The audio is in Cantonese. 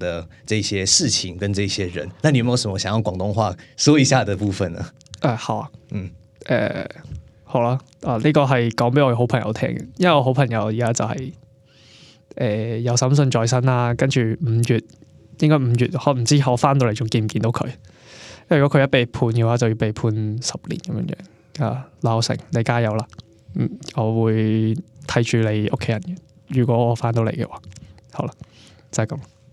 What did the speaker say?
的這些事情跟這些人，那你有沒有什麼想用廣東話說一下的部分呢？誒、呃，好、啊，嗯，誒、呃，好啦，啊，呢、這個係講俾我的好朋友聽的因為我的好朋友而家就係、是、誒、呃、有審訊在身啦、啊，跟住五月應該五月，我唔知我翻到嚟仲見唔見到佢，因為如果佢一被判嘅話，就要被判十年咁樣樣啊，老成，你加油啦，嗯，我會睇住你屋企人嘅，如果我翻到嚟嘅話，好啦，就係、是、咁。